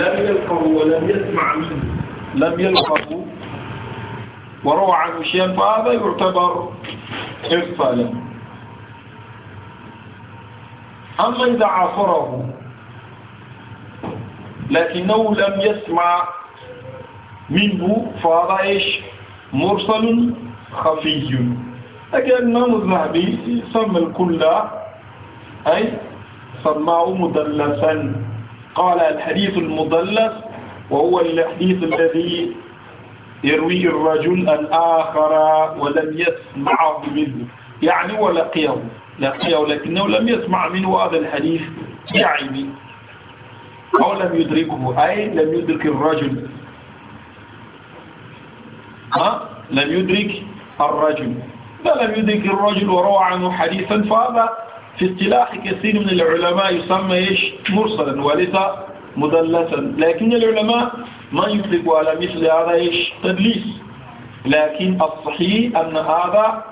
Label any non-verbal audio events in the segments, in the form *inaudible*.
لم يلقه ولم يسمع منه لم يلقه وروى عنه شيئا فهذا يعتبر له أما إذا عاصره لكنه لم يسمع منه فهذا إيش مرسل خفي لكن الإمام الذهبي سمى الكل أي سماه مدلسا قال الحديث المضلل وهو الحديث الذي يرويه الرجل الآخر ولم يسمعه منه يعني ولقيه لقيه لكنه لم يسمع منه هذا الحديث يعني أو لم يدركه أي لم يدرك الرجل ها لم يدرك الرجل لا لم يدرك الرجل وروى عنه حديثا فهذا في اصطلاح كثير من العلماء يسمى إيش مرسلا وليس مدلسا لكن العلماء ما يطلق على مثل هذا إيش تدليس لكن الصحيح أن هذا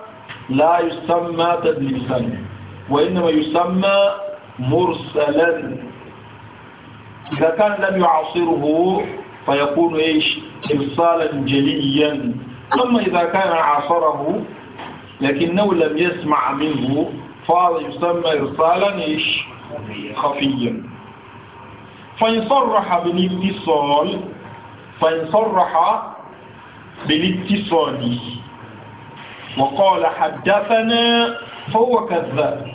لا يسمى تدليسا وإنما يسمى مرسلا إذا كان لم يعاصره فيكون إيش إرسالا جليا أما إذا كان عاصره لكنه لم يسمع منه فهذا يسمى إرسالا إيش خفيا فإن صرح بالاتصال فإن صرح بالاتصال وقال حدثنا فهو كذاب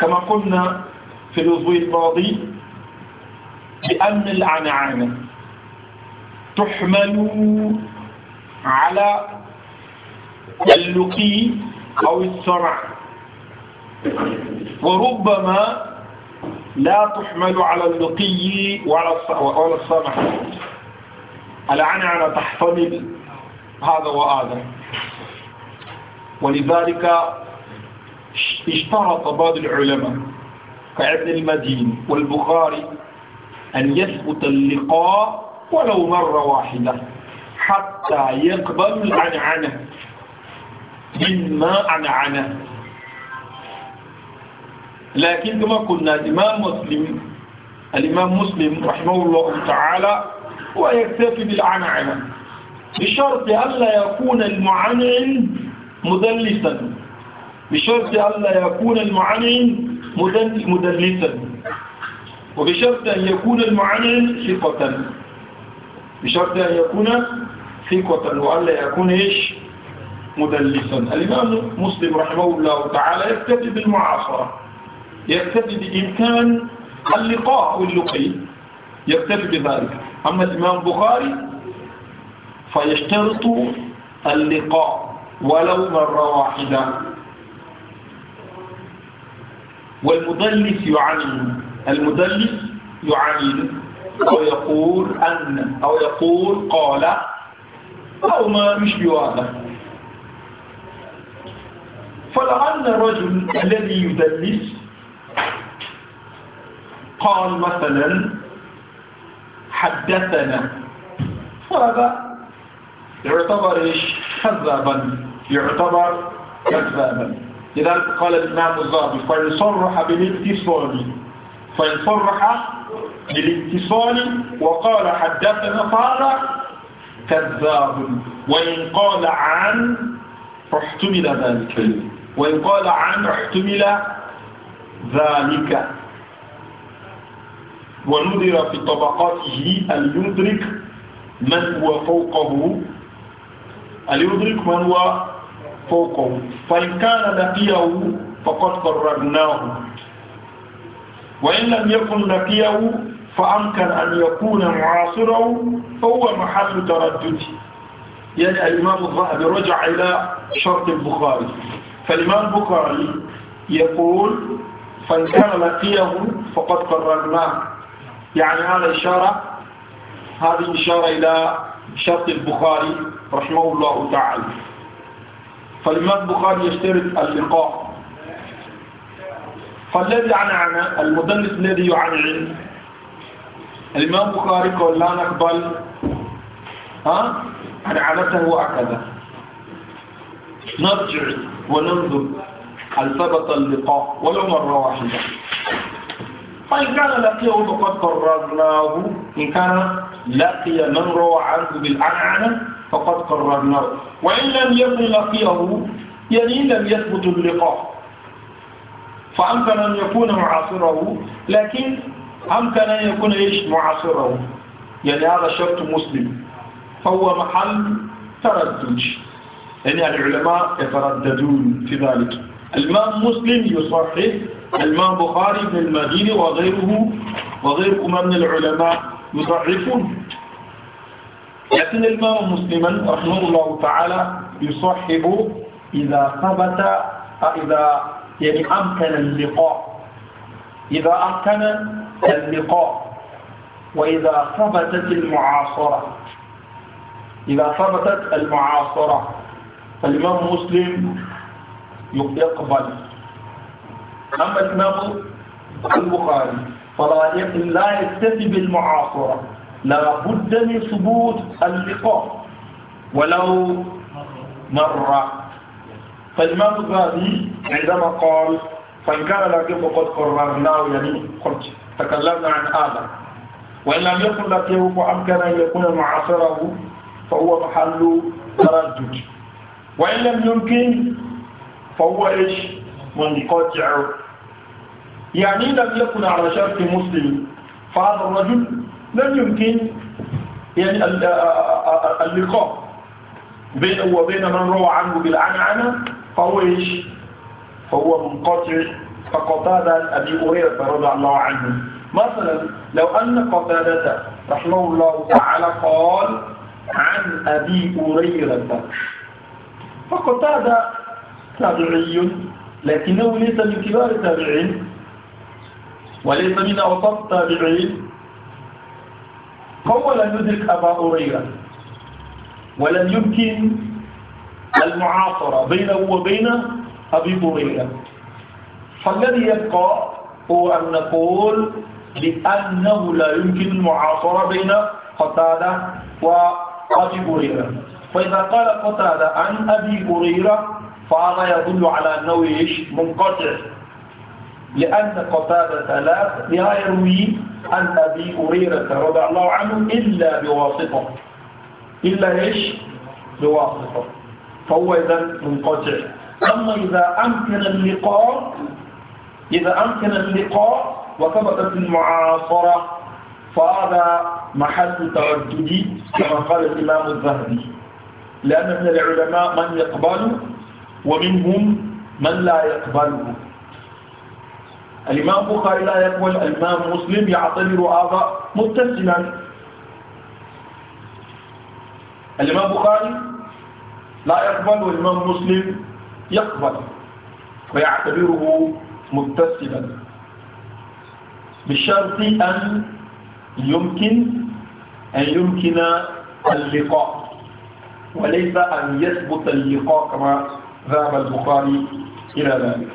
كما قلنا في الأسبوع الماضي بأن العنعنة تحمل على اللقي أو السمع وربما لا تحمل على اللقي وعلى السمع العنعنة تحتمل هذا وهذا ولذلك اشترط بعض العلماء كابن المدين والبخاري أن يثبت اللقاء ولو مرة واحدة حتى يقبل العنعنة مما أنعنه لكن كما قلنا الإمام مسلم الإمام مسلم رحمه الله تعالى هو يكتفي بالعنعنة بشرط ألا يكون المعنعن مدلسا بشرط ألا يكون المعنعن مدلسا وبشرط أن يكون المعنعن ثقة بشرط أن يكون ثقة وألا يكون إيش مدلسا الإمام مسلم رحمه الله تعالى يبتدي بالمعاصرة يبتدي بإمكان اللقاء واللقي يبتدي بذلك أما الإمام البخاري فيشترط اللقاء ولو مرة واحدة والمدلس يعاني المدلس يعاني أو يقول أن أو يقول قال أو ما مش بواضح فلعل الرجل الذي يدلس قال مثلا حدثنا فهذا يعتبر ايش؟ كذابا يعتبر كذابا لذلك قال الإمام الزهري فإن صرح بالاتصال فإن صرح بالاتصال وقال حدثنا فهذا كذاب وإن قال عن فاحتمل ذلك وإن قال عنه احتمل ذلك ونذر في طبقاته أن يدرك من هو فوقه أن يدرك من هو فوقه فإن كان نقيه فقد قررناه وإن لم يكن نقيه فأمكن أن يكون معاصره فهو محل تردد يعني الإمام الذهبي رجع إلى شرط البخاري فالإمام البخاري يقول فإن كان لقيه فقد قررناه يعني هذا إشارة هذه إشارة إلى شرط البخاري رحمه الله تعالى فالإمام البخاري يشترط اللقاء فالذي عن المدلس الذي يعنعن الإمام البخاري قال لا نقبل ها عنعنته يعني وأكذا نرجع وننظر هل ثبت اللقاء ولو مرة واحدة فإن كان لقيه فقد قررناه إن كان لقي من روى عنه بالعنعنة فقد قررناه وإن لم يكن لقيه يعني لم يثبت اللقاء فأمكن أن يكون معاصره لكن أمكن أن يكون إيش معاصره يعني هذا شرط مسلم فهو محل تردد يعني العلماء يترددون في ذلك الإمام مسلم يصحح الإمام بخاري بن المدينة وغيره وغيركما من العلماء يصححون لكن الإمام مسلما رحمه الله تعالى يصحب إذا ثبت إذا يعني أمكن اللقاء إذا أمكن اللقاء وإذا ثبتت المعاصرة إذا ثبتت المعاصرة فالإمام مسلم يقبل أما الإمام البخاري فلا لا يكتفي بالمعاصرة لا بد من ثبوت اللقاء ولو مرة فالإمام البخاري عندما قال فإن كان لكن فقد قررناه يعني قلت تكلمنا عن هذا وإن لم يكن لكن فأمكن أن يكون معاصره فهو محل تردد وإن لم يمكن فهو إيش منقطع يعني لم يكن على شرط مسلم فهذا الرجل لم يمكن يعني اللقاء بينه وبين من روى عنه بالعنعنة فهو إيش فهو منقطع فقتادة أبي هريرة رضي الله عنه مثلا لو أن قتادة رحمه الله تعالى قال عن أبي هريرة هذا تابعي لكنه ليس من كبار التابعين وليس من أوسط التابعين فهو لم يدرك أبا هريرة ولم يمكن المعاصرة بينه وبين أبي هريرة فالذي يبقى هو أن نقول بأنه لا يمكن المعاصرة بين قتادة وأبي هريرة فإذا قال قتادة عن أبي هريرة فهذا يدل على أنه إيش منقطع لأن قتادة لا لا يروي عن أبي هريرة رضي الله عنه إلا بواسطة إلا إيش بواسطة فهو إذا منقطع أما إذا أمكن اللقاء إذا أمكن اللقاء وثبتت المعاصرة فهذا محل تردد كما قال الإمام الذهبي لأن من العلماء من يقبل ومنهم من لا يقبله الإمام بخاري لا يقبل الإمام مسلم يعتبر هذا متسلا الإمام بخاري لا يقبل والإمام مسلم يقبل ويعتبره متسلا بشرط أن يمكن أن يمكن اللقاء وليس أن يثبت اللقاء كما ذهب البخاري إلى ذلك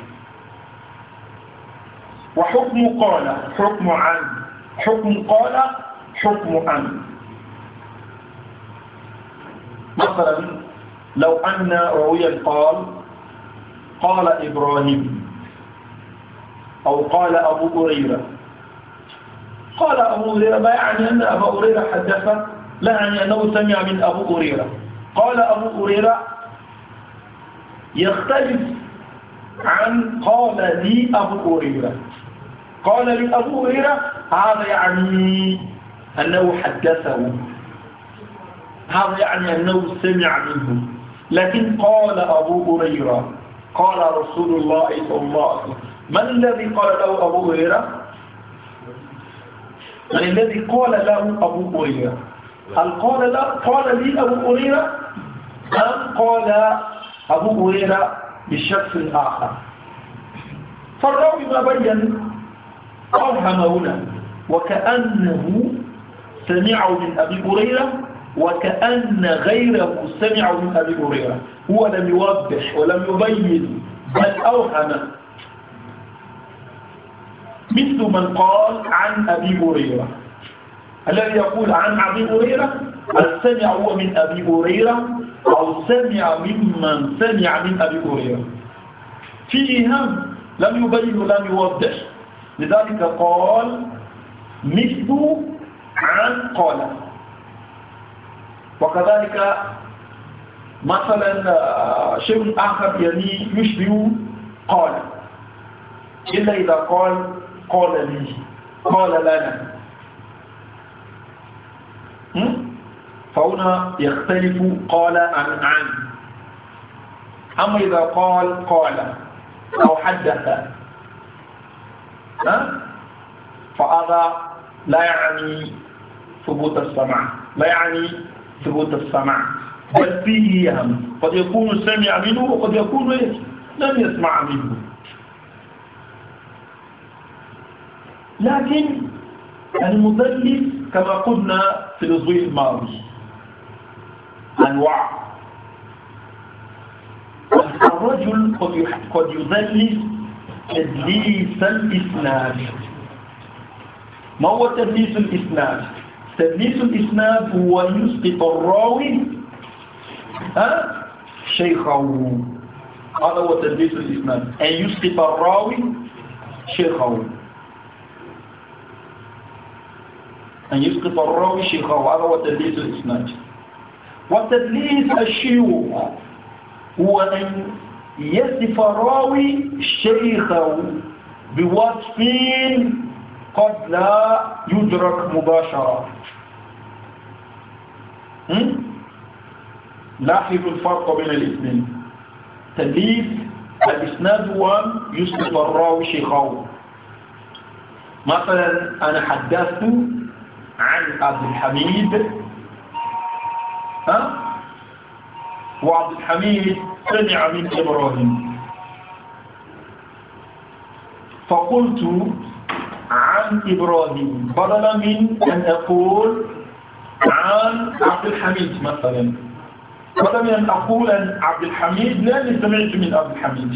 وحكم قال حكم عن حكم قال حكم عن مثلا لو أن روي قال قال إبراهيم أو قال أبو هريرة قال أبو هريرة ما يعني أن أبا هريرة حدث لا يعني أنه سمع من أبو هريرة قال أبو هريرة يختلف عن قال لي أبو هريرة قال لي أبو هريرة هذا يعني أنه حدثه هذا يعني أنه سمع منه لكن قال أبو هريرة قال رسول الله صلى الله عليه وسلم من الذي قال له أبو هريرة من يعني الذي قال له أبو هريرة هل قال لا قال لي أبو هريرة أم قال أبو هريرة بالشخص الآخر فالراوي ما بين أوهم هنا وكأنه سمعه من أبي هريرة وكأن غيره سمعه من أبي هريرة هو لم يوضح ولم يبين بل أوهم مثل من قال عن أبي هريرة الذي يقول عن أبي هريرة السمع سمع هو من أبي هريرة أو سمع ممن سمع من أبي هريرة في إيهام لم يبين ولم يوضح لذلك قال مثل عن قال وكذلك مثلا آه، شيء آخر يعني يشبه قال إلا إذا قال قال لي قال لنا فهنا يختلف قال عن عن أما إذا قال قال أو حدث فهذا لا يعني ثبوت السمع لا يعني ثبوت السمع بل فيه هم قد يكون سمع منه وقد يكون لم يسمع منه لكن المدلس كما قلنا في الأسبوع الماضي أنواع الرجل قد يذلل تدليس الإسناد ما هو تدليس الإسناد؟ تدليس الإسناد هو يسقط الراوي شيخه هذا هو تدليس الإسناد أن يسقط الراوي شيخه أن يسقط الراوي شيخه هذا هو تدليس الإسناد وتدليس الشيوخ هو أن يصف الراوي شيخه بوصف قد لا يدرك مباشرة لاحظوا الفرق بين الاثنين تدليس الإسناد هو يصف الراوي شيخه مثلا أنا حدثت عن عبد الحميد ها وعبد الحميد سمع من إبراهيم فقلت عن إبراهيم بدلا من أن أقول عن عبد الحميد مثلا بدلا من أن أقول عن عبد الحميد لأني سمعت من عبد الحميد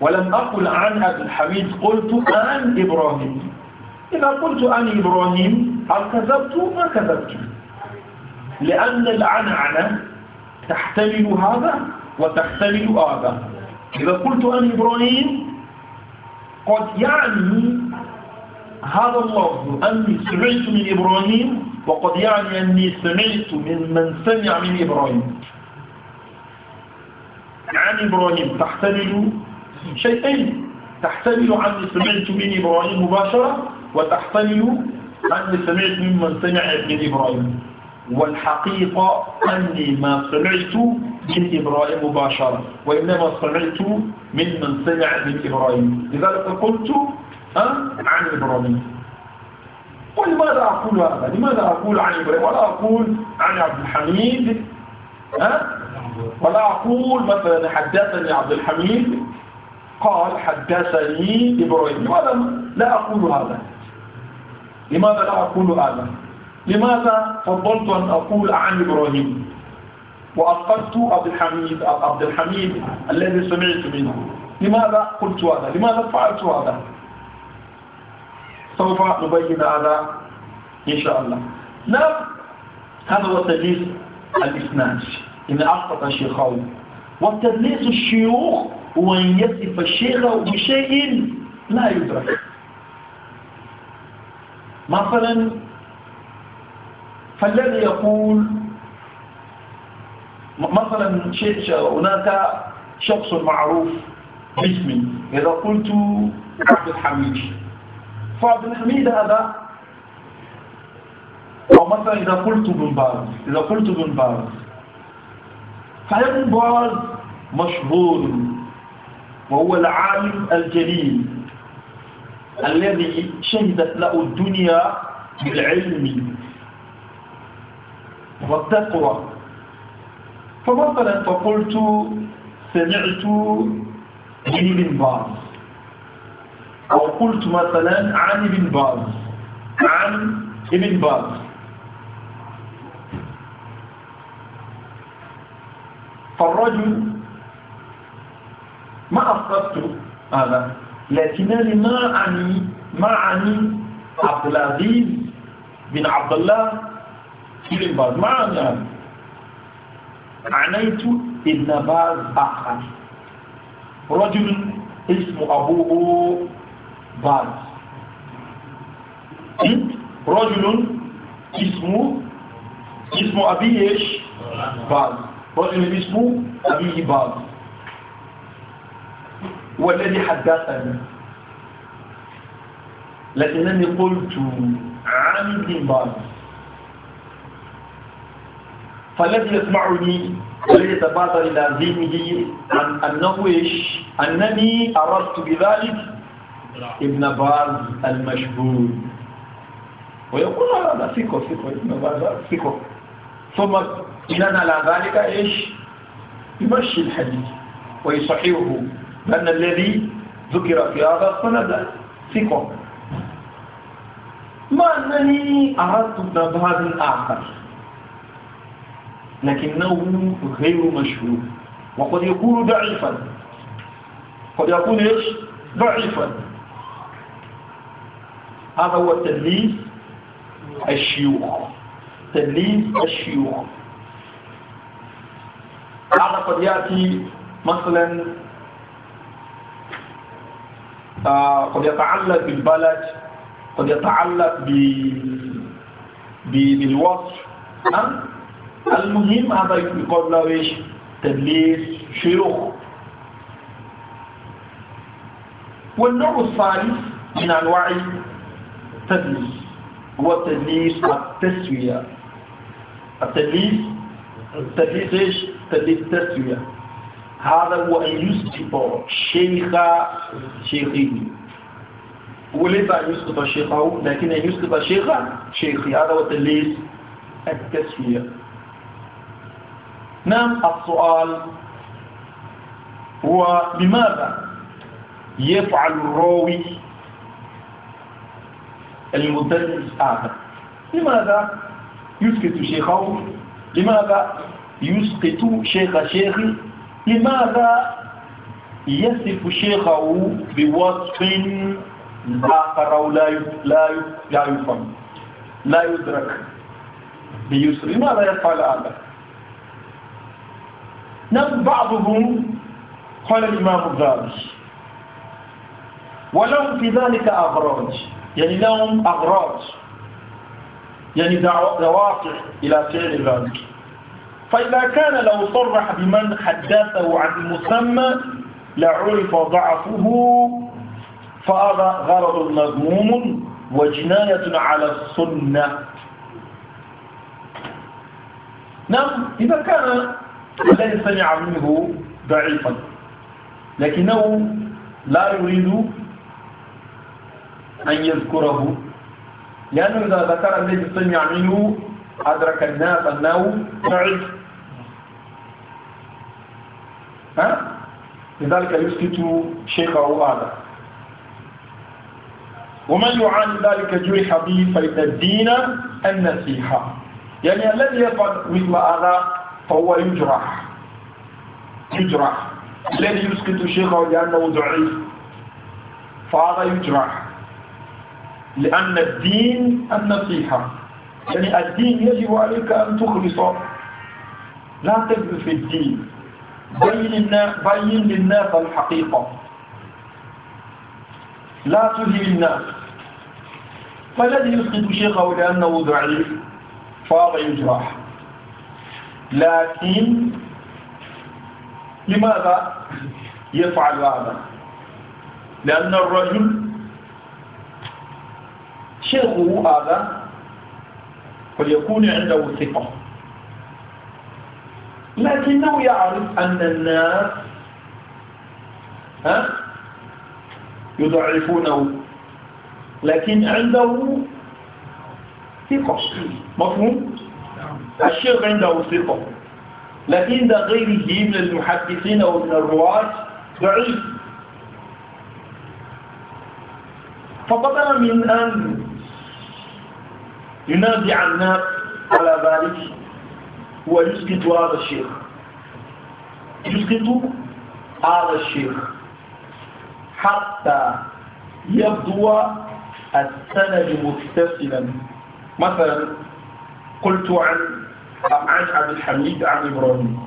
ولم أقل عن عبد الحميد قلت عن إبراهيم إذا قلت عن إبراهيم هل كذبت ما كذبت لأن العنعنة تحتمل هذا وتحتمل هذا إذا قلت أن إبراهيم قد يعني هذا اللفظ أني سمعت من إبراهيم وقد يعني أني سمعت من من سمع من إبراهيم عن إبراهيم تحتمل شيئين تحتمل أني سمعت من إبراهيم مباشرة وتحتمل أني سمعت ممن سمع من إبراهيم والحقيقة أني ما سمعت من إبراهيم مباشرة وإنما سمعت ممن سمع من إبراهيم لذلك قلت عن إبراهيم ولماذا أقول هذا؟ لماذا أقول عن إبراهيم ولا أقول عن عبد الحميد ها؟ ولا أقول مثلا حدثني عبد الحميد قال حدثني إبراهيم لماذا لا أقول هذا؟ لماذا لا أقول هذا؟ لماذا فضلت أن أقول عن إبراهيم وأقلت عبد الحميد عبد الحميد الذي سمعت منه لماذا قلت هذا لماذا فعلت هذا سوف نبين هذا إن شاء الله نعم هذا هو تدليس الإسناد إن أخطأ شيخه وتدليس الشيوخ هو أن يصف الشيخ بشيء لا يدرك مثلا فالذي يقول مثلا هناك شخص معروف باسمي إذا قلت عبد الحميد فعبد الحميد هذا أو مثلا إذا قلت بن باز إذا قلت بن باز فابن باز مشهور وهو العالم الجليل الذي شهدت له الدنيا بالعلم والتقوى فمثلا فقلت سمعت من ابن باز أو قلت مثلا عن ابن باز عن ابن باز فالرجل ما أصدقت هذا لكنني ما أعني ما أعني عبد العزيز بن عبد الله إلى بعض معنى عنيت ابن باز أخر رجل اسمه أبوه باز رجل اسمه اسمه أبي إيش باز رجل اسمه أبي باز والذي حدثني لكنني قلت عن ابن باز فلم يسمعني وليتبادر إلى ذهنه عن أنه إيش أنني أردت بذلك ابن باز المشهور ويقول هذا ثقة ثقة ابن باز ثقة ثم بناء على ذلك إيش يمشي الحديث ويصححه لأن الذي ذكر في هذا السند ثقة ما أنني أردت ابن باز آخر لكنه غير مشهور وقد يكون ضعيفا قد يكون ايش ضعيفا هذا هو تدليس الشيوخ تدليس الشيوخ هذا قد يأتي مثلا آه قد يتعلق بالبلد قد يتعلق بالوصف نعم المهم هذا يقول له ايش تدليس شيوخ والنوع الثالث من انواع التدليس هو تدليس التسويه التدليس التدليس ايش تدليس التسويه هذا هو ان يسقط شيخ شيخه وليس أن يسقط شيخه لكن أن يسقط شيخا شيخي هذا هو تدليس التسوية نعم السؤال هو لماذا يفعل الراوي المدلس هذا لماذا يسكت شيخه لماذا يسقط شيخ شيخي لماذا يصف شيخه بوصف آخر أو لا لا لا يفهم لا يدرك بيسر لماذا يفعل هذا نعم بعضهم قال الإمام الذهبي ولهم في ذلك أغراض يعني لهم أغراض يعني دواقع إلى فعل ذلك فإذا كان لو صرح بمن حدثه عن المسمى لعرف ضعفه فهذا غرض مذموم وجناية على السنة نعم إذا كان الذي سمع منه ضعيفا لكنه لا يريد أن يذكره لأنه إذا ذكر الذي سمع منه أدرك الناس أنه ضعيف ها؟ لذلك يسكت شيخه هذا ومن يعاني ذلك جرح به فإن الدين النصيحة يعني الذي يفعل مثل هذا فهو يجرح يجرح الذي يسكت شيخه لأنه ضعيف فهذا يجرح لأن الدين النصيحة يعني الدين يجب عليك أن تخلص لا تجد في الدين بين للناس الحقيقة لا تذهل الناس فالذي يسكت شيخه لأنه ضعيف فهذا يجرح لكن لماذا يفعل هذا لأن الرجل شيخه هذا قد يكون عنده ثقة لكنه يعرف أن الناس ها يضعفونه لكن عنده ثقة مفهوم الشيخ عنده ثقة لكن ده غيره من المحدثين ومن الرواة ضعيف فبدلا من أن ينازع الناس على ذلك ويسكت هذا الشيخ يسكت هذا الشيخ حتى يبدو السند متصلا مثلا قلت عن عن عبد الحميد عن إبراهيم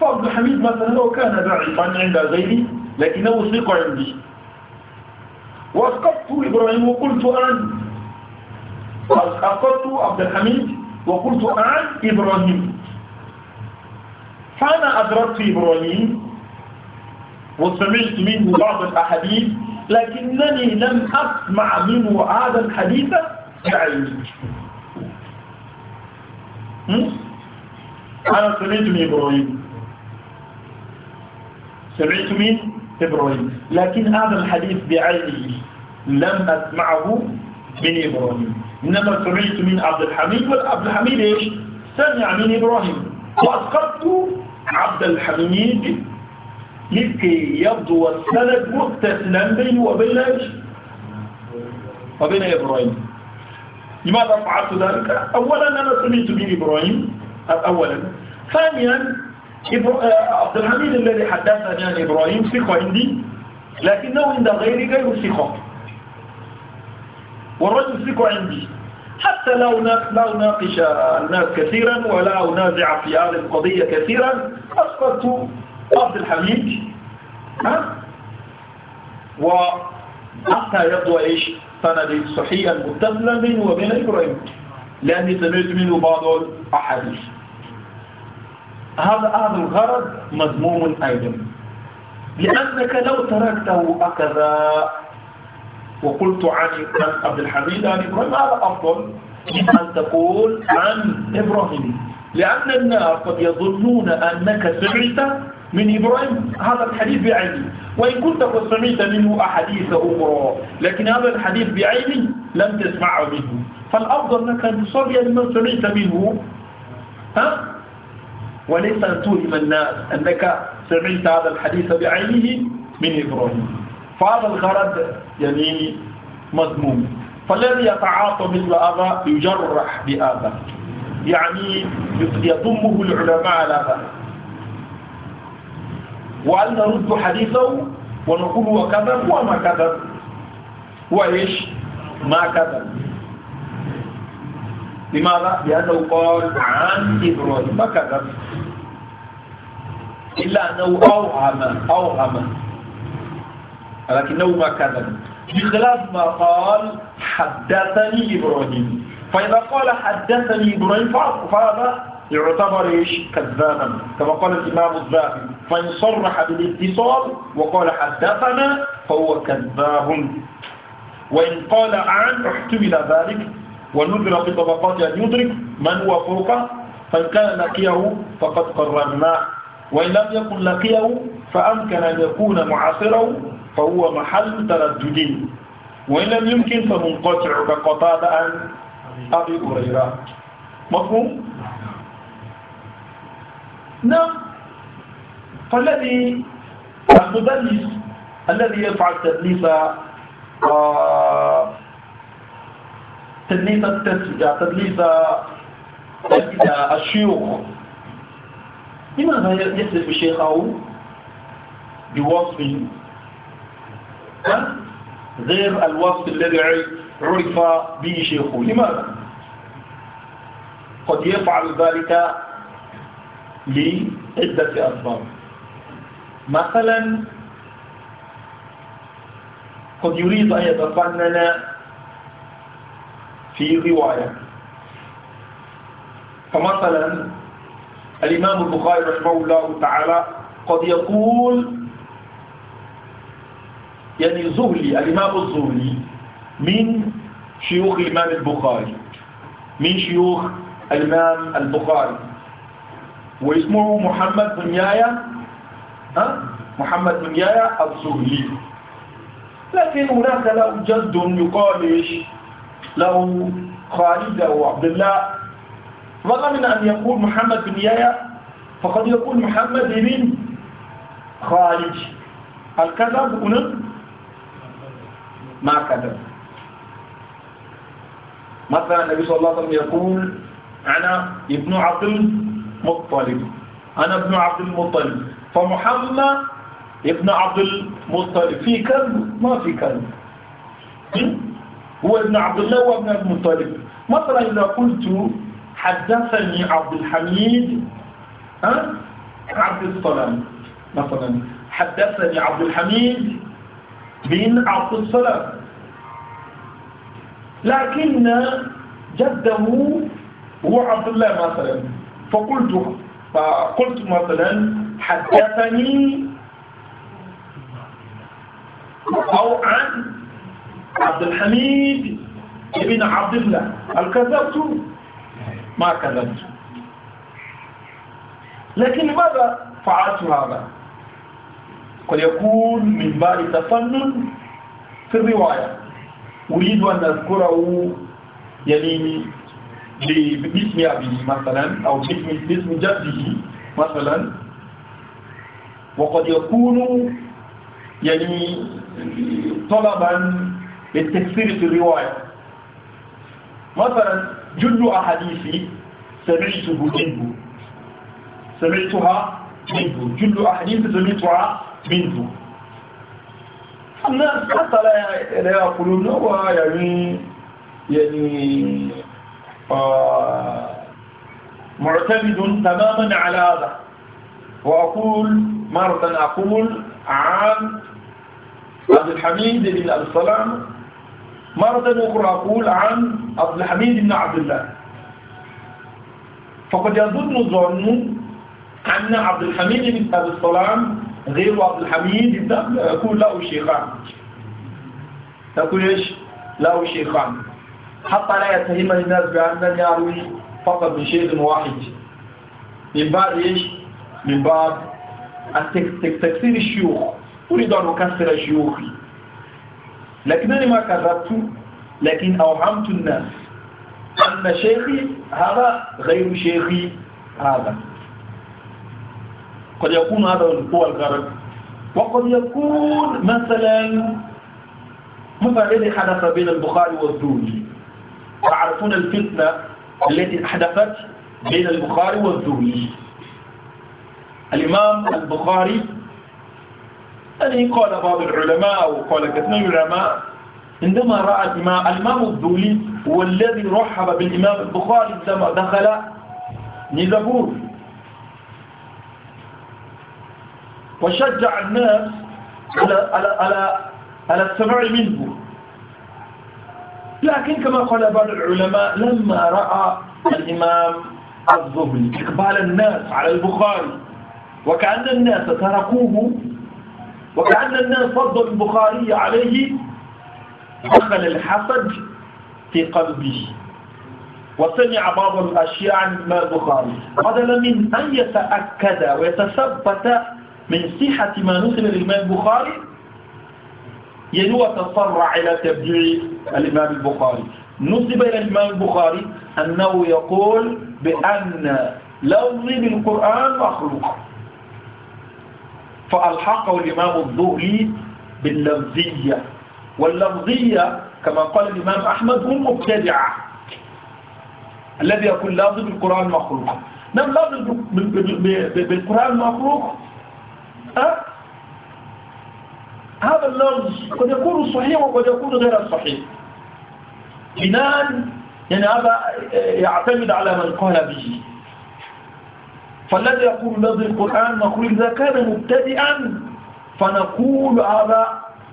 فعبد الحميد مثلا لو كان ضعيفا عند غيري لكنه ثق عندي وأسقطت إبراهيم وقلت عن أسقطت عبد الحميد وقلت عن إبراهيم فأنا أدركت إبراهيم وسمعت منه بعض الأحاديث لكنني لم أسمع منه هذا الحديث بعيني أنا سمعت من إبراهيم سمعت من إبراهيم لكن هذا الحديث بعينه لم أسمعه من إبراهيم إنما سمعت من عبد الحميد وعبد الحميد إيش سمع من إبراهيم وأسقطت عبد الحميد لكي يبدو السند مقتسلا بينه وبين إيش وبين إبراهيم لماذا فعلت ذلك؟ أولا أنا سميت إبراهيم أولا ثانيا آه، عبد الحميد الذي حدثني عن إبراهيم ثقة عندي لكنه عند غيري غير ثقة والرجل ثقة عندي حتى لا أناقش الناس كثيرا ولا أنازع في هذه القضية كثيرا أسقطت عبد الحميد ها؟ و حتى يبدو إيش سند صحيح المتصل منه وبين إبراهيم لأني سمعت منه بعض الأحاديث هذا هذا الغرض مذموم أيضا لأنك لو تركته هكذا وقلت عن عبد الحميد عن إبراهيم هذا أفضل من أن تقول عن إبراهيم لأن الناس قد يظنون أنك سمعت من إبراهيم هذا الحديث بعينه وإن كنت قد سمعت منه أحاديث أخرى لكن هذا الحديث بعينه لم تسمعه منه فالأفضل أنك أن تصلي لمن سمعت منه ها وليس أن توهم الناس أنك سمعت هذا الحديث بعينه من إبراهيم فهذا الغرض يعني مذموم فالذي يتعاطى مثل هذا يجرح بهذا يعني يضمه العلماء على هذا وأن نرد حديثه ونقول وكذب وما كذب وإيش ما كذب لماذا؟ لأنه قال عن إبراهيم ما كذب إلا أنه أوهم أوهم لكنه ما كذب بخلاف ما قال حدثني إبراهيم فإذا قال حدثني إبراهيم فهذا يعتبر إيش؟ كذابا كما قال الإمام الذهبي فإن صرح بالاتصال وقال حدثنا فهو كذاب وإن قال عن احتمل ذلك ونذر في طبقات أن يدرك من هو فوقه فإن كان لقيه فقد قررناه وإن لم يكن لقيه فأمكن أن يكون معاصره فهو محل تردد وإن لم يمكن فمنقطع كقطادة عن أبي هريرة مفهوم؟ نعم فالذي المدلس الذي يفعل تدليس آه، تدليس تدليس الشيوخ لماذا الشيخ شيخه بوصف غير الوصف الذي عرف به شيخه لماذا قد يفعل ذلك لعدة أسباب مثلا قد يريد أن يتفنن في رواية فمثلا الإمام البخاري رحمه الله تعالى قد يقول يعني زهلي الإمام الزهلي من شيوخ الإمام البخاري من شيوخ الإمام البخاري واسمه محمد بن يايا محمد بن يايا الزهري لكن هناك له جد يقال ايش له خالد او عبد الله رغم من ان يقول محمد بن يايا فقد يقول محمد بن خالد الكذب هنا ما كذب مثلا النبي صلى الله عليه وسلم يقول انا ابن عبد المطلب انا ابن عبد المطلب فمحمد ابن عبد المطلب في كلب ما في كلب هو ابن عبد الله وابن المطلب مثلا إذا قلت حدثني عبد الحميد ها عبد السلام مثلا حدثني عبد الحميد بن عبد السلام لكن جده هو عبد الله مثلا فقلت فقلت مثلا حدثني أو عن عبد الحميد بن عبد الله هل كذبت؟ ما كذبت لكن لماذا فعلت هذا؟ قد يكون من باب تفنن في الرواية أريد أن أذكره يليني باسم أبيه مثلا أو باسم جده مثلا وقد يكون يعني طلبا للتكثير في الرواية مثلا جل أحاديثي سمعته منه سمعتها منه جل أحاديثي سمعتها منه الناس حتى لا لا يقولون هو يعني يعني آه معتمد تماما على هذا وأقول مرة أقول عن عبد الحميد بن أبي السلام مرة أخرى أقول عن عبد الحميد بن عبد الله فقد يظن الظن أن عبد الحميد بن عبد السلام غير عبد الحميد بن يكون له شيخان تقول إيش له شيخان حتى لا يتهم الناس بأنني أروي فقط من شيخ واحد من بعد إيش من بعد تكسير الشيوخ أريد أن أكسر شيوخي لكنني ما كذبت لكن أوهمت الناس أن شيخي هذا غير شيخي هذا قد يكون هذا هو الغرب وقد يكون مثلا مثلا الذي حدث بين البخاري والزهري تعرفون الفتنة التي حدثت بين البخاري والزهري الإمام البخاري يعني قال بعض العلماء وقال كثير من العلماء عندما رأى الإمام الإمام الدولي هو الذي رحب بالإمام البخاري عندما دخل نيزابور وشجع الناس على على على على السماع منه لكن كما قال بعض العلماء لما رأى الإمام الظهري إقبال الناس على البخاري وكأن الناس تركوه وكأن الناس فضل البخاري عليه دخل الحسد في قلبه وسمع بعض الأشياء عن ما البخاري بدلا من أن يتأكد ويتثبت من صحة ما نسل للإمام البخاري ينوى تسرع إلى تبديع الإمام البخاري نسب إلى الإمام البخاري أنه يقول بأن لفظ بالقرآن مخلوق فألحقه الإمام الظهري باللفظية واللفظية كما قال الإمام أحمد هم مبتدعة الذي يقول لفظ نعم، بالقرآن مخلوق نعم أه؟ لفظ بالقرآن مخلوق هذا اللفظ قد يكون صحيح وقد يكون غير صحيح بناء يعني هذا يعتمد على من قال به فالذي يقول الذي القرآن نقول إذا كان مبتدئا فنقول هذا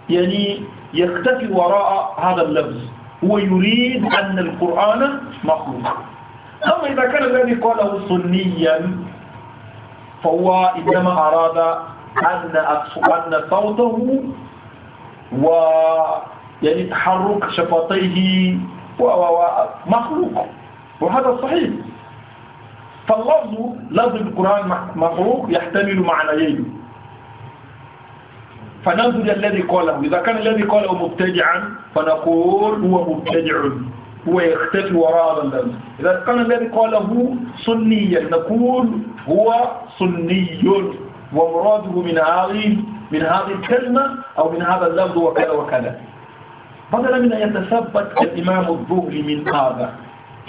يعني يختفي وراء هذا اللفظ هو يريد أن القرآن مخلوق أما إذا كان الذي قاله سنيا فهو إنما أراد أن أن صوته و يعني تحرك شفتيه مخلوق وهذا صحيح فاللفظ لفظ القرآن مخلوق يحتمل معنيين فننظر الذي قاله إذا كان الذي قاله مبتدعا فنقول هو مبتدع هو يختفي وراء اللفظ إذا كان الذي قاله سنيا نقول هو سني ومراده من هذه من هذه الكلمة أو من هذا اللفظ وكذا وكذا بدلا من أن يتثبت الإمام الظهري من هذا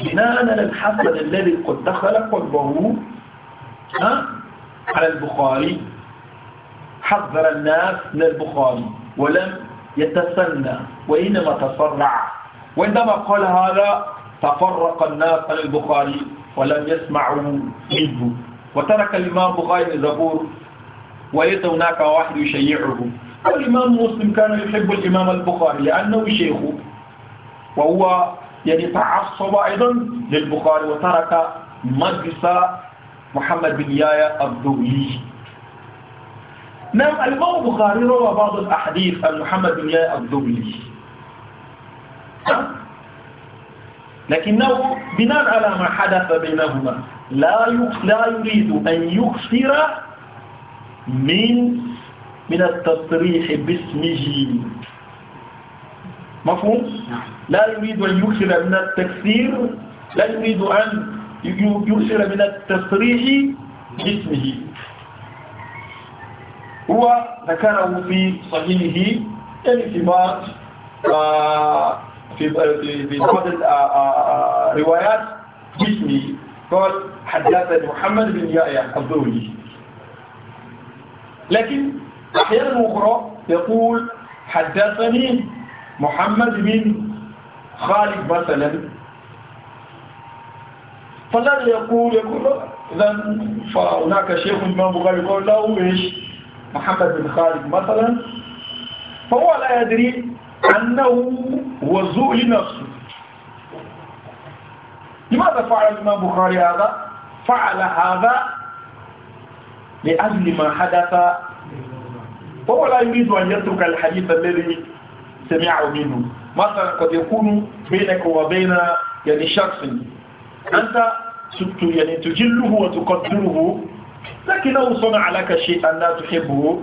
بناء على الحسن الذي قد دخل قلبه على البخاري حذر الناس من البخاري ولم يتسنى وإنما تسرع وعندما قال هذا تفرق الناس عن البخاري ولم يسمعوا منه وترك الإمام بخاري الزبور وليس هناك واحد يشيعه والإمام مسلم كان يحب الإمام البخاري لأنه شيخه وهو يعني تعصب أيضا للبخاري وترك مجلس محمد بن يايا الدولي نعم الإمام البخاري روى بعض الأحاديث عن محمد بن يايا الدولي لكنه بناء على ما حدث بينهما لا لا يريد أن يكثر من من التصريح باسمه مفهوم؟ نعم لا يريد أن يرسل من التكثير لا يريد أن يرسل من التصريح باسمه هو ذكره في صحيحه يعني في آه، في في بعض الروايات آه، باسمه قال حدثني محمد بن يحيى الضوي لكن أحيانا أخرى يقول حدثني محمد بن خالد مثلا فلن يقول يقول إذا فهناك شيخ الإمام بغير يقول له إيش محمد بن خالد مثلا فهو لا يدري أنه وزوء لنفسه لماذا فعل الإمام بخاري هذا؟ فعل هذا لأجل ما حدث فهو لا يريد أن يترك الحديث الذي سمعه منه مثلا قد يكون بينك وبين يعني شخص أنت يعني تجله وتقدره لكنه صنع لك شيئا لا تحبه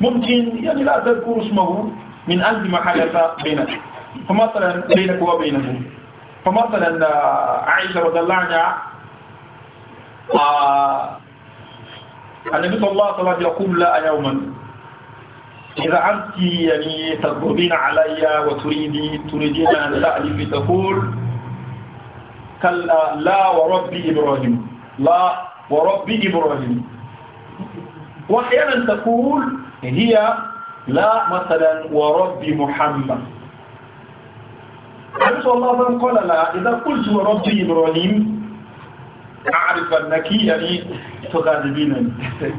ممكن يعني لا تذكر اسمه من أجل ما حدث بينك فمثلا بينك وبينه فمثلا آه، عائشة رضي الله عنها آه، النبي صلى الله عليه وسلم يقول لا يوما إذا أنت يعني تضربين علي وتريدين تريدين أن تعرفي تقول كلا لا وربي إبراهيم لا وربي إبراهيم وأحيانا تقول هي لا مثلا وربي محمد النبي صلى الله عليه وسلم قال لا إذا قلت وربي إبراهيم أعرف أنك يعني تغالبينني *laughs*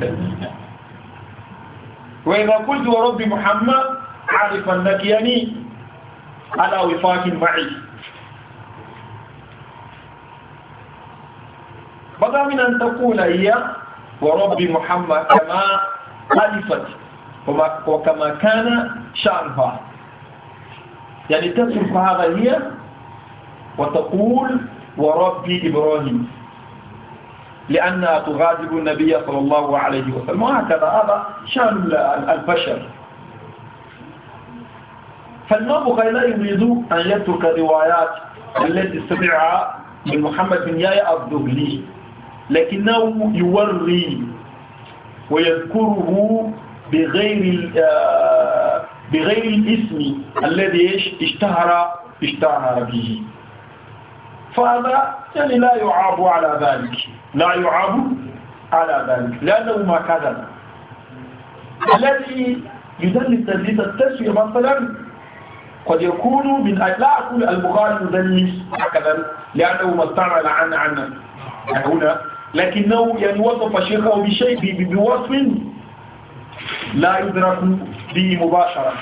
وإذا قلت ورب محمد عارف أنك يعني على وفاق معي بدا من أن تقول هي ورب محمد كما ألفت وكما كان شعرها يعني تصرف هذا هي وتقول وربي إبراهيم لأنها تغاضب النبي صلى الله عليه وسلم وهكذا هذا شان البشر فالنابغة لا يريد أن يترك الروايات التي سمعها من محمد بن ياي الظهري لكنه يوري ويذكره بغير آه، بغير الاسم الذي اشتهر اشتهر به فهذا يعني لا يعاب على ذلك لا يعاب على ذلك لأنه ما كذب الذي يدلل تدليس التسوية مثلا قد يكون من لا أقول البخاري يدلس هكذا لأنه ما استعمل عن عن هنا لكنه يعني وصف شيخه بشيء بوصف لا يدرك به مباشرة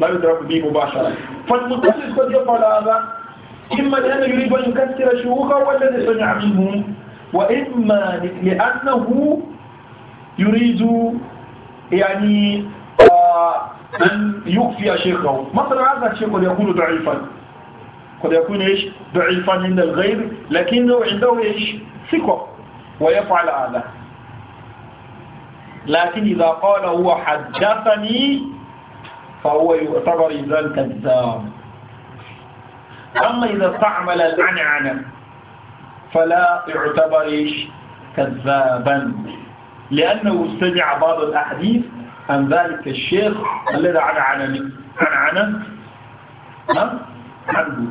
لا يدرك به مباشرة فالمدلس قد يفعل هذا إما لأنه يريد أن يكسر شيوخه والذي سمع منهم وإما لأنه يريد يعني آه، أن يخفي شيخه مثلا هذا الشيخ قد يكون ضعيفا قد يكون إيش ضعيفا عند الغير لكنه عنده إيش ثقة ويفعل هذا لكن إذا قال هو حدثني فهو يعتبر إذا كذاب أما إذا استعمل العنعنة فلا يعتبر كذابا لأنه استمع بعض الأحاديث عن ذلك الشيخ الذي عنعن عنعنه عنه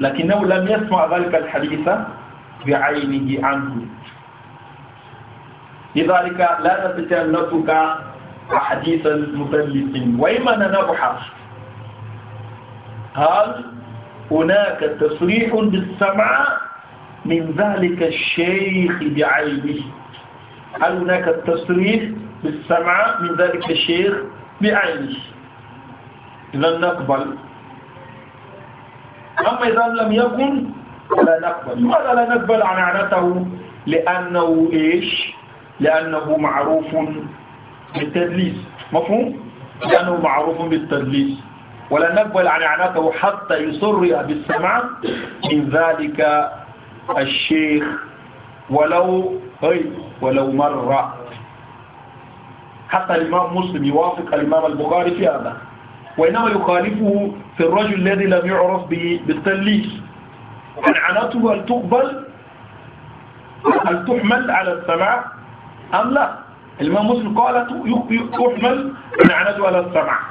لكنه لم يسمع ذلك الحديث بعينه عنه لذلك لا تستطيع أن نترك أحاديث مثلث وإما أننا نبحث هل هناك تصريح بالسمع من ذلك الشيخ بعينه هل هناك التصريح بالسمع من ذلك الشيخ بعينه إذا نقبل أما إذا لم يكن لا نقبل لماذا لا نقبل عنعنته لأنه إيش لأنه معروف بالتدليس مفهوم لأنه معروف بالتدليس ولن نقبل عن عناقه حتى يسر بالسمع من ذلك الشيخ ولو ولو مرة حتى الإمام مسلم يوافق الإمام البخاري في هذا وإنما يخالفه في الرجل الذي لم يعرف بالتليس عنعنته هل تقبل هل تحمل على السمع أم لا الإمام مسلم قال تحمل عنعنته على السمع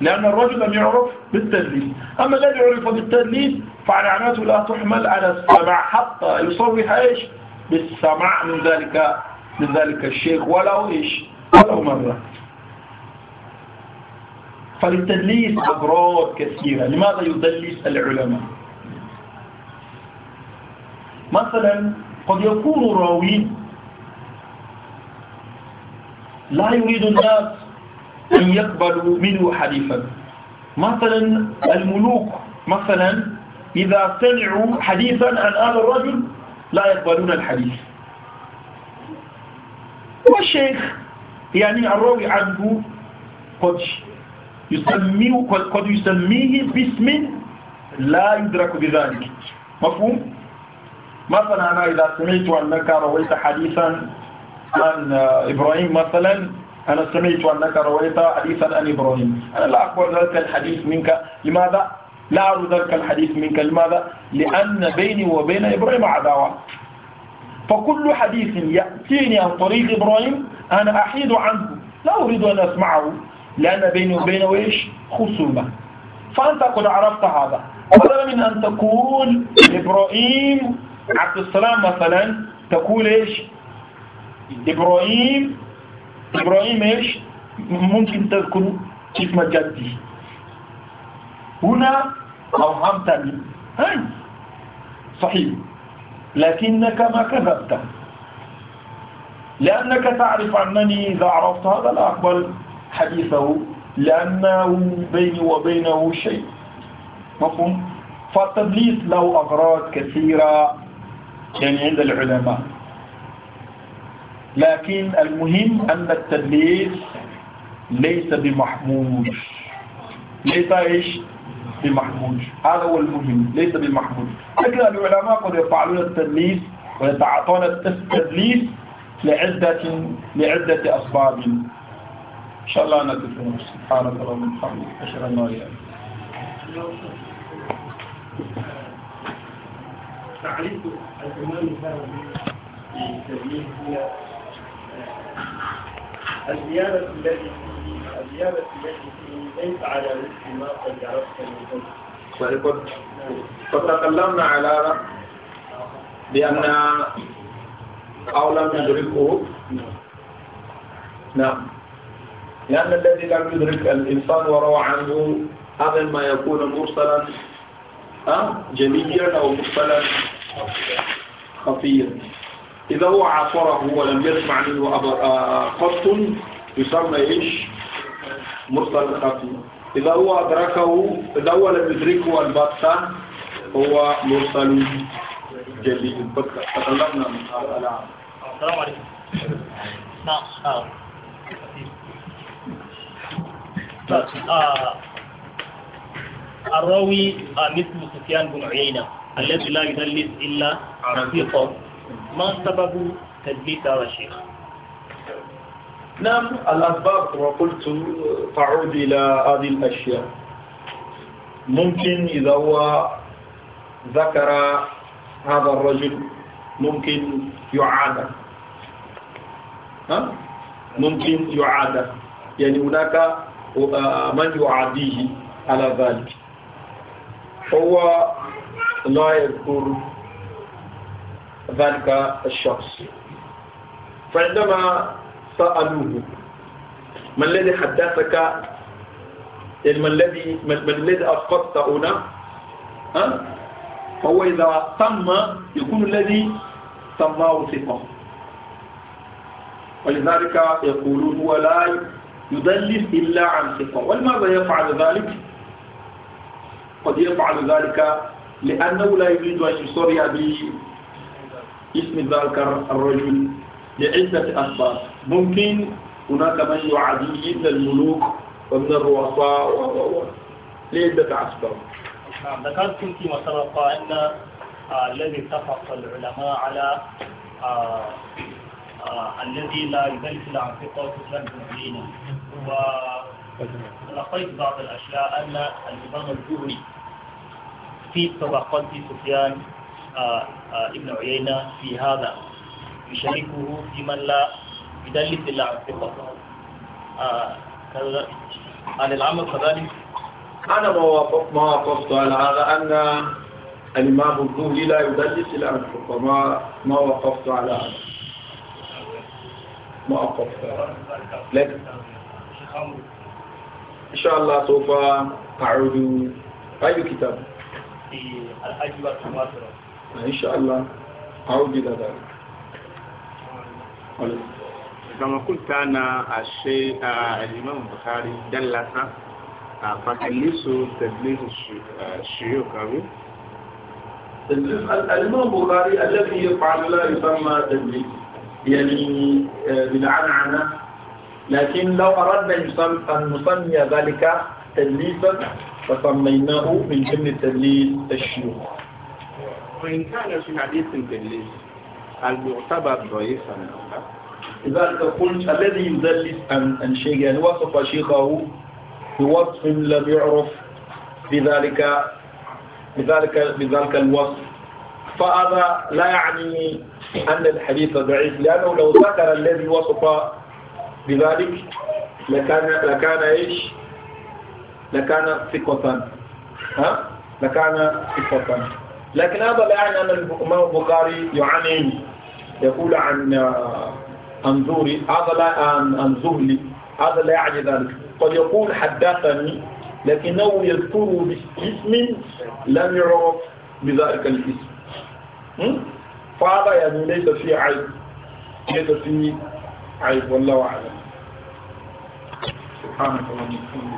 لأن الرجل لم يعرف بالتدليس أما الذي عرف بالتدليس فعلاماته لا تحمل على السمع حتى يصرح إيش بالسمع من ذلك من ذلك الشيخ ولو إيش ولو مرة فللتدليس أبرار كثيرة لماذا يدلس العلماء مثلا قد يكون راوي لا يريد الناس أن يقبلوا منه حديثا مثلا الملوك مثلا إذا سمعوا حديثا عن هذا الرجل لا يقبلون الحديث والشيخ يعني الراوي عنه قد يسميه قد يسميه باسم لا يدرك بذلك مفهوم مثلا أنا إذا سمعت أنك رويت حديثا عن إبراهيم مثلا أنا سمعت أنك رويت حديثا عن إبراهيم أنا لا أقول ذلك الحديث منك لماذا؟ لا أعرض ذلك الحديث منك لماذا؟ لأن بيني وبين إبراهيم عداوة فكل حديث يأتيني عن طريق إبراهيم أنا أحيد عنه لا أريد أن أسمعه لأن بيني وبينه إيش؟ خصومة فأنت قد عرفت هذا بدل من أن تقول إبراهيم عبد السلام مثلا تقول إيش؟ إبراهيم إبراهيم إيش ممكن كيف ما جدي هنا أوهمتني صحيح لكنك ما كذبت لأنك تعرف أنني إذا عرفت هذا لا أقبل حديثه لأنه بيني وبينه شيء مفهوم فالتدليس له أغراض كثيرة يعني عند العلماء لكن المهم أن التدليس ليس بمحمود ليس إيش بمحمود هذا هو المهم ليس بمحمود لكن العلماء قد يفعلون التدليس ويتعاطون التدليس لعدة لعدة أسباب إن شاء الله نكتب سبحانك الله وبحمدك أشهد أشهر الله تعريف الإمام الذهبي في هي الزيادة التي الزيادة التي ليس على وفق ما قد عرفت من قبل وقد تكلمنا على بأن أو لم يدركه نعم لأن الذي لم يدرك الإنسان وروى عنه هذا ما يكون مرسلا جليا أو مرسلا خفيا إذا هو عاصره ولم يسمع منه قط آه، يسمى إيش مرسل خفي إذا هو أدركه إذا هو لم يدركه البطة هو مرسل جليل تكلمنا من هذا العام السلام عليكم نعم آه. آه، الراوي مثل سفيان بن عيينة الذي لا يدلس إلا رفيقه ما سبب تدليس هذا الشيخ نعم الأسباب وقلت تعود إلى هذه الأشياء ممكن إذا هو ذكر هذا الرجل ممكن يعاد ها؟ ممكن يعاد يعني هناك آه، من يعاديه على ذلك هو لا يذكر ذلك الشخص فعندما سألوه ما الذي حدثك يعني ما الذي ما الذي أسقطت هنا فهو إذا تم يكون الذي سماه ثقة ولذلك يقولون هو لا يدلس إلا عن ثقة ولماذا يفعل ذلك؟ قد يفعل ذلك لأنه لا يريد أن يصري اسم ذاك الرجل لعدة أسباب ممكن هناك من يعادي من الملوك ومن الرؤساء و لعدة أسباب نعم ذكرت فيما سبق أن آه، الذي اتفق العلماء على آه، آه، الذي لا يدلس عن ثقة سفيان بن و ولقيت بعض الأشياء أن الإمام الكوري في طبقات سفيان آه، آه، ابن عيينة في هذا يشاركه في من لا يدلس إلا عن ثقة عن آه، العمل كذلك أنا ما وافقت ما وافقت على هذا أن الإمام الظهري لا يدلس إلا عن ثقة ما ما وافقت على هذا ما وافقت لكن إن شاء الله سوف أعود أي كتاب في الأجوبة الماثرة إن شاء الله أعود إلى ذلك كما قلت أنا الشيء آه، الإمام البخاري دلس آه، فتدليس تدليس الشيوخ آه، الإمام البخاري الذي يفعل لا يسمى تدليس يعني بالعنعنة لكن لو أردنا أن نسمي ذلك تدليسا فسميناه من جمل تدليس الشيوخ وإن كان في حديث بالليل هل يعتبر ضعيفا لذلك قلت الذي يدلس عن عن شيئا يعني وصف شيخه بوصف لم يعرف بذلك بذلك بذلك الوصف فهذا لا يعني أن الحديث ضعيف لأنه لو ذكر الذي وصف بذلك لكان لكان ايش؟ لكان ثقة ها؟ لكان ثقة لكن هذا لا يعني أن البخاري يعاني يقول عن عن زوري هذا لا عن عن زهلي هذا لا يعني ذلك قد يقول حدثني لكنه يذكره باسم لم يعرف بذلك الاسم فهذا يعني ليس فيه عيب ليس فيه عيب والله أعلم سبحانك اللهم